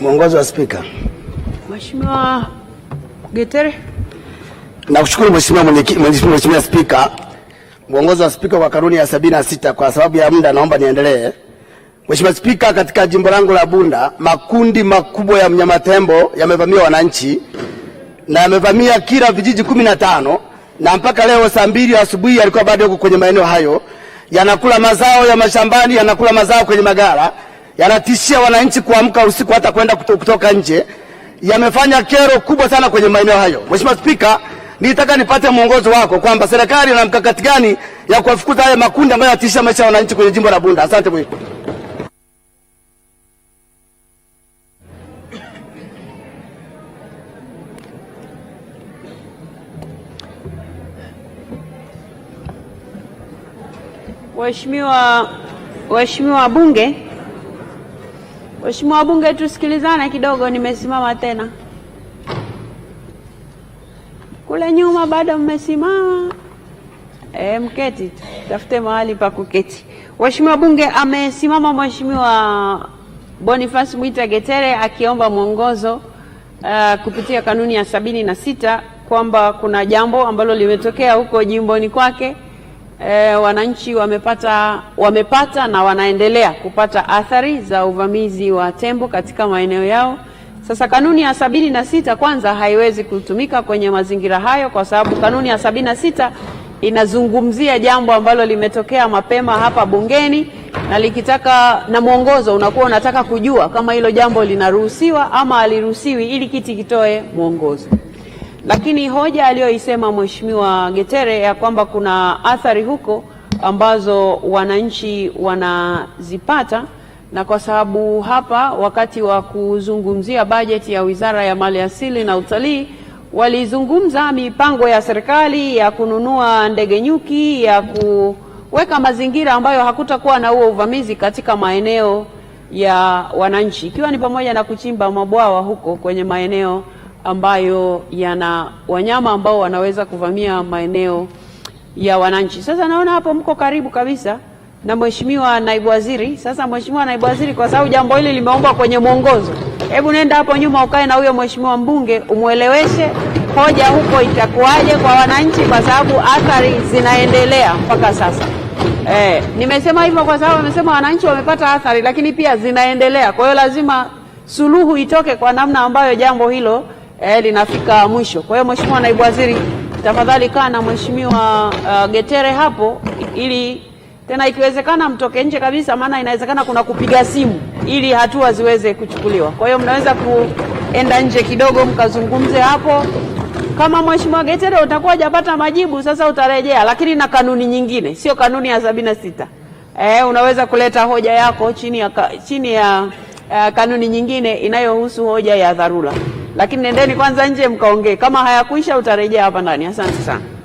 Mwongozo wa Spika. Mheshimiwa Getere. Nakushukuru Mheshimiwa Mheshimiwa Spika. Mwongozo wa Spika kwa kanuni ya sabini na sita, kwa sababu ya muda naomba niendelee. Mheshimiwa Spika, katika jimbo langu la Bunda makundi makubwa ya mnyama tembo yamevamia wananchi na yamevamia kila vijiji kumi na tano na mpaka leo saa mbili asubuhi yalikuwa bado huko kwenye maeneo hayo, yanakula mazao ya mashambani, yanakula mazao kwenye magara yanatishia wananchi kuamka usiku hata kwenda kutoka nje, yamefanya kero kubwa sana kwenye maeneo hayo. Mheshimiwa Spika, nilitaka nipate mwongozo wako kwamba serikali ina mkakati gani ya kuwafukuza haya makundi ambayo yanatishia maisha ya wananchi kwenye jimbo la Bunda. Asante mheshimiwa. Waheshimiwa wabunge Mheshimiwa wabunge, tusikilizane kidogo, nimesimama tena. Kule nyuma bado mmesimama. E, mketi, tafute mahali pa kuketi. Mheshimiwa Bunge, amesimama Mheshimiwa Boniface Mwita Getere akiomba mwongozo uh, kupitia kanuni ya sabini na sita kwamba kuna jambo ambalo limetokea huko jimboni kwake e, wananchi wamepata, wamepata na wanaendelea kupata athari za uvamizi wa tembo katika maeneo yao. Sasa kanuni ya sabini na sita kwanza haiwezi kutumika kwenye mazingira hayo kwa sababu kanuni ya sabini na sita inazungumzia jambo ambalo limetokea mapema hapa bungeni na likitaka na mwongozo unakuwa unataka kujua kama hilo jambo linaruhusiwa ama haliruhusiwi ili kiti kitoe mwongozo. Lakini hoja aliyoisema Mheshimiwa Getere ya kwamba kuna athari huko ambazo wananchi wanazipata, na kwa sababu hapa wakati wa kuzungumzia bajeti ya Wizara ya Maliasili na Utalii walizungumza mipango ya serikali ya kununua ndege nyuki, ya kuweka mazingira ambayo hakutakuwa na huo uvamizi katika maeneo ya wananchi, ikiwa ni pamoja na kuchimba mabwawa huko kwenye maeneo ambayo yana wanyama ambao wanaweza kuvamia maeneo ya wananchi. Sasa naona hapo mko karibu kabisa na mheshimiwa naibu waziri. Sasa mheshimiwa naibu waziri, kwa sababu jambo hili limeombwa kwenye mwongozo, hebu nenda hapo nyuma ukae na huyo mheshimiwa mbunge umweleweshe hoja huko itakuwaje kwa wananchi, kwa sababu athari zinaendelea mpaka sasa. Eh, nimesema hivyo kwa sababu wamesema wananchi wamepata athari, lakini pia zinaendelea. Kwa hiyo lazima suluhu itoke kwa namna ambayo jambo hilo eh, linafika mwisho. Kwa hiyo Mheshimiwa Naibu Waziri, tafadhali kaa na Mheshimiwa uh, Getere hapo ili tena ikiwezekana mtoke nje kabisa, maana inawezekana kuna kupiga simu ili hatua ziweze kuchukuliwa. Kwa hiyo mnaweza kuenda nje kidogo mkazungumze hapo. Kama Mheshimiwa Getere utakuwa hajapata majibu, sasa utarejea, lakini na kanuni nyingine, sio kanuni ya sabini na sita. Eh, unaweza kuleta hoja yako chini ya, chini ya uh, kanuni nyingine inayohusu hoja ya dharura lakini nendeni kwanza nje mkaongee, kama hayakuisha utarejea hapa ndani. Asante sana.